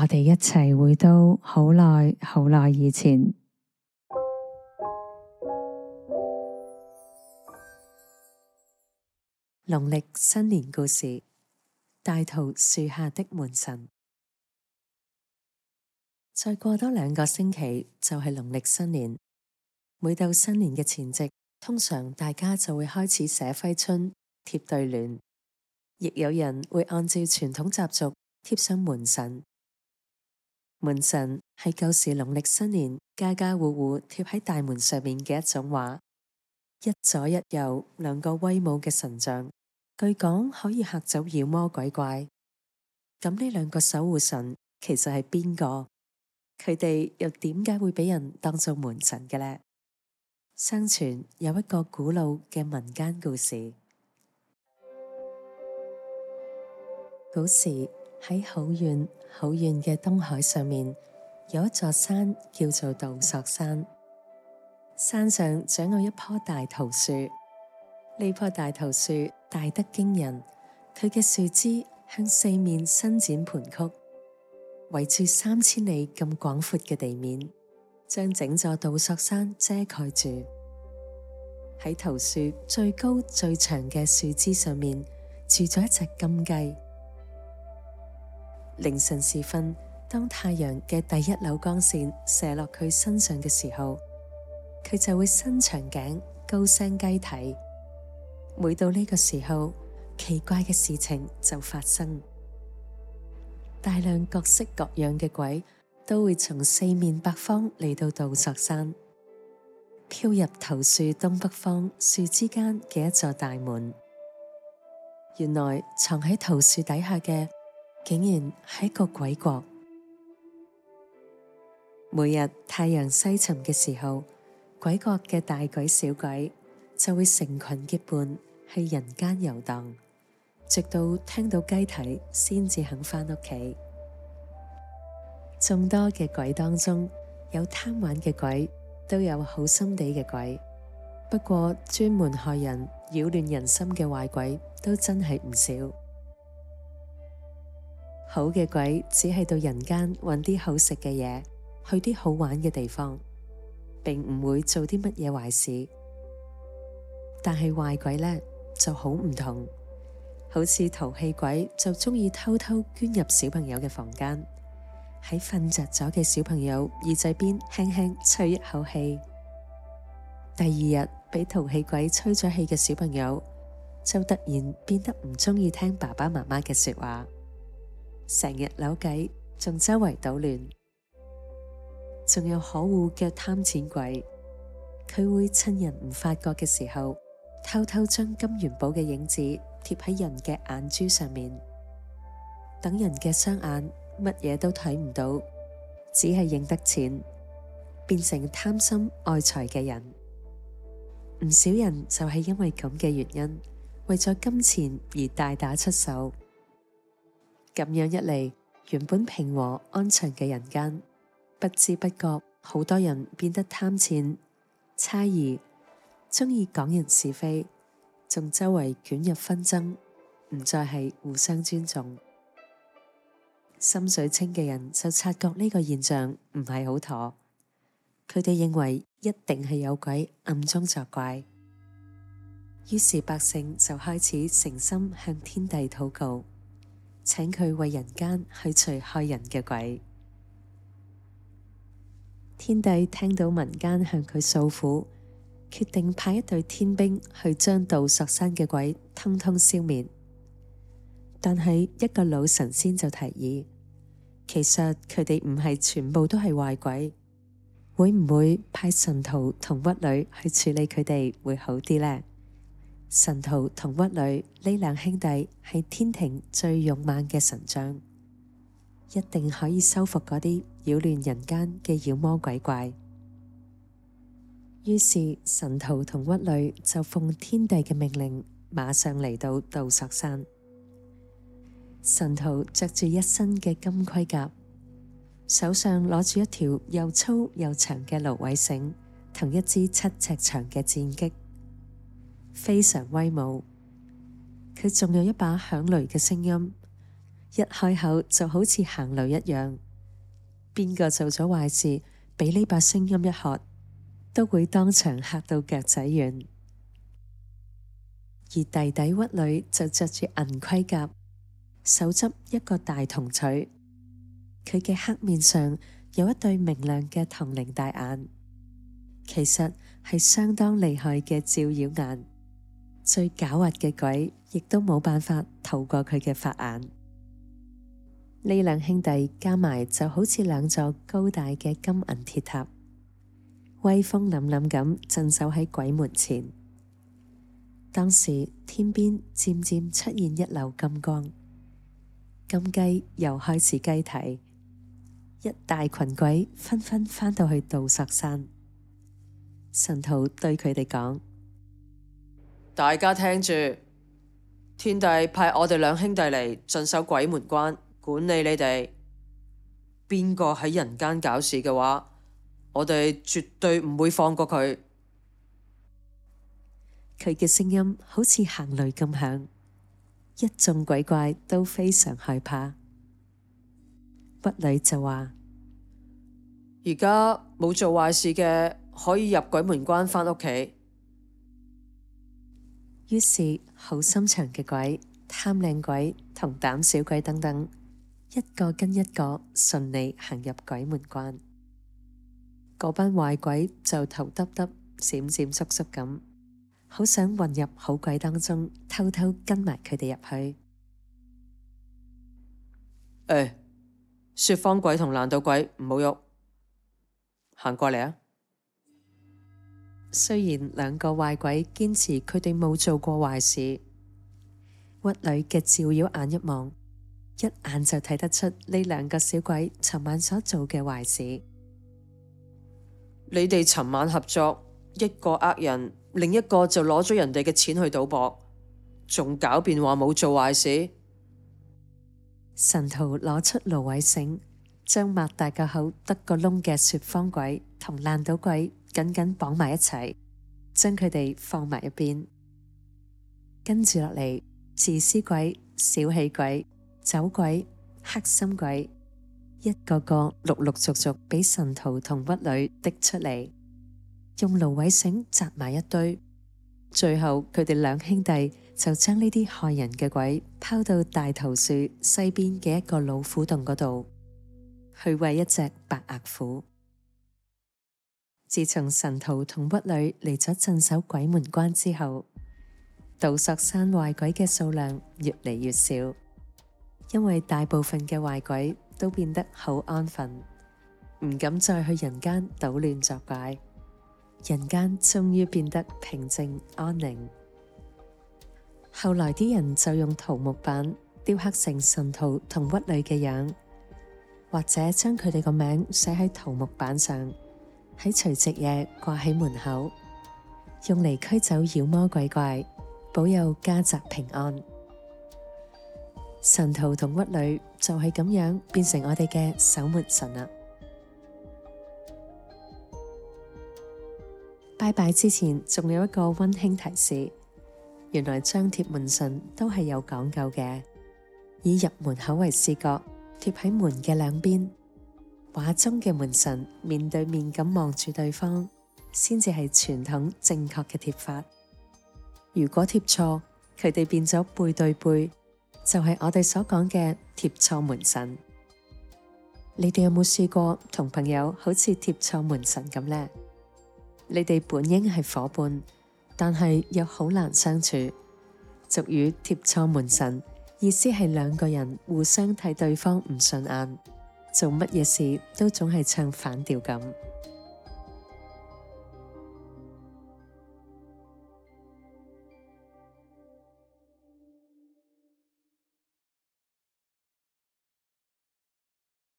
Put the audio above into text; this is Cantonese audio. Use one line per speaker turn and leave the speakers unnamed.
我哋一齊回到好耐好耐以前，農曆新年故事《大桃樹下的門神》。再過多兩個星期就係農曆新年，每到新年嘅前夕，通常大家就會開始寫揮春、貼對聯，亦有人會按照傳統習俗貼上門神。門神係舊時農曆新年家家戶戶貼喺大門上面嘅一種畫，一左一右兩個威武嘅神像，據講可以嚇走妖魔鬼怪。咁呢兩個守護神其實係邊個？佢哋又點解會俾人當做門神嘅呢？相傳有一個古老嘅民間故事，古時喺好遠。好遠嘅東海上面，有一座山叫做度朔山。山上長有一棵大桃樹，呢棵大桃樹大得驚人，佢嘅樹枝向四面伸展盤曲，圍住三千里咁廣闊嘅地面，將整座度朔山遮蓋住。喺桃樹最高最長嘅樹枝上面，住咗一隻金雞。凌晨時分，當太陽嘅第一縷光線射落佢身上嘅時候，佢就會伸長頸、高聲雞啼。每到呢個時候，奇怪嘅事情就發生，大量各式各樣嘅鬼都會從四面八方嚟到度朔山，飄入桃樹東北方樹之間嘅一座大門。原來藏喺桃樹底下嘅。竟然係個鬼國，每日太陽西沉嘅時候，鬼國嘅大鬼小鬼就會成群結伴喺人間遊蕩，直到聽到雞啼先至肯返屋企。眾多嘅鬼當中，有貪玩嘅鬼，都有好心地嘅鬼，不過專門害人、擾亂人心嘅壞鬼都真係唔少。好嘅鬼只係到人間揾啲好食嘅嘢，去啲好玩嘅地方，並唔會做啲乜嘢壞事。但係壞鬼呢就好唔同，好似淘氣鬼就中意偷偷鑽入小朋友嘅房間，喺瞓着咗嘅小朋友耳仔邊輕輕吹一口氣。第二日俾淘氣鬼吹咗氣嘅小朋友就突然變得唔中意聽爸爸媽媽嘅說話。成日扭計，仲周圍搗亂，仲有可惡嘅貪錢鬼，佢會趁人唔發覺嘅時候，偷偷將金元寶嘅影子貼喺人嘅眼珠上面，等人嘅雙眼乜嘢都睇唔到，只係認得錢，變成貪心愛財嘅人。唔少人就係因為咁嘅原因，為咗金錢而大打出手。咁樣一嚟，原本平和安詳嘅人間，不知不覺好多人變得貪錢、猜疑，中意講人是非，仲周圍捲入紛爭，唔再係互相尊重。心水清嘅人就察覺呢個現象唔係好妥，佢哋認為一定係有鬼暗中作怪，於是百姓就開始誠心向天地禱告。請佢為人間去除害人嘅鬼。天帝聽到民間向佢訴苦，決定派一隊天兵去將度朔山嘅鬼通通消滅。但係一個老神仙就提議，其實佢哋唔係全部都係壞鬼，會唔會派神荼同鬱壘去處理佢哋會好啲呢？神荼同鬱壘呢兩兄弟係天庭最勇猛嘅神將，一定可以收服嗰啲擾亂人間嘅妖魔鬼怪。於是神荼同鬱壘就奉天帝嘅命令，馬上嚟到度朔山。神荼着住一身嘅金盔甲，手上攞住一條又粗又長嘅蘆葦繩，同一支七尺長嘅戰戟。非常威武，佢仲有一把響雷嘅聲音，一開口就好似行雷一樣。邊個做咗壞事，俾呢把聲音一喝，都會當場嚇到腳仔軟。而弟弟鬱壘就着住銀盔甲，手執一個大銅錘。佢嘅黑面上有一對明亮嘅銅鈴大眼，其實係相當厲害嘅照妖眼。最狡猾嘅鬼，亦都冇辦法逃過佢嘅法眼。呢兩兄弟加埋就好似兩座高大嘅金銀鐵塔，威風凜凜咁鎮守喺鬼門前。當時天邊漸漸出現一縷金光，金雞又開始雞啼，一大群鬼紛紛返到去度朔山。神荼對佢哋講。
大家聽住，天帝派我哋兩兄弟嚟鎮守鬼門關，管理你哋。邊個喺人間搞事嘅話，我哋絕對唔會放
過佢。佢嘅聲音好似行雷咁響，一眾鬼怪都非常害怕。鬱壘就話：
而家冇做壞事嘅可以入鬼門關返屋企。
於是好心腸嘅鬼、貪靚鬼同膽小鬼等等，一個跟一個順利行入鬼門關。嗰班壞鬼就頭耷耷、閃閃縮縮咁，好想混入好鬼當中，偷偷跟埋佢哋入去。
誒、欸，說謊鬼同爛賭鬼唔好喐，行過嚟啊！
雖然兩個壞鬼堅持佢哋冇做過壞事，鬱壘嘅照妖眼一望，一眼就睇得出呢兩個小鬼尋晚所做嘅壞事。
你哋尋晚合作，一個呃人，另一個就攞咗人哋嘅錢去賭博，仲狡辯話冇做壞事。
神荼攞出蘆葦繩，將擘大個口、得個窿嘅說謊鬼同爛賭鬼，緊緊綁埋一齊，將佢哋放埋一邊。跟住落嚟，自私鬼、小氣鬼、酒鬼、黑心鬼，一個個陸陸續續俾神荼同鬱壘逼出嚟，用蘆葦繩紮埋一堆。最後佢哋兩兄弟就將呢啲害人嘅鬼拋到大桃樹西邊嘅一個老虎洞嗰度，去喂一隻白額虎。自從神荼同鬱壘嚟咗鎮守鬼門關之後，度朔山壞鬼嘅數量越嚟越少，因為大部分嘅壞鬼都變得好安分，唔敢再去人間搗亂作怪，人間終於變得平靜安寧。後來啲人就用桃木板雕刻成神荼同鬱壘嘅樣，或者將佢哋個名字寫喺桃木板上。喺除夕夜掛喺門口，用嚟驅走妖魔鬼怪，保佑家宅平安。神荼同鬱壘就係咁樣變成我哋嘅守門神啦。拜拜之前，仲有一個温馨提示：原來張貼門神都係有講究嘅，以入門口為視覺，貼喺門嘅兩邊。畫中嘅門神面對面咁望住對方，先至係傳統正確嘅貼法。如果貼錯，佢哋變咗背對背，就係我哋所講嘅貼錯門神。你哋有冇試過同朋友好似貼錯門神咁呢？你哋本應係伙伴，但係又好難相處。俗語貼錯門神，意思係兩個人互相睇對方唔順眼。做乜嘢事都總係唱反調咁。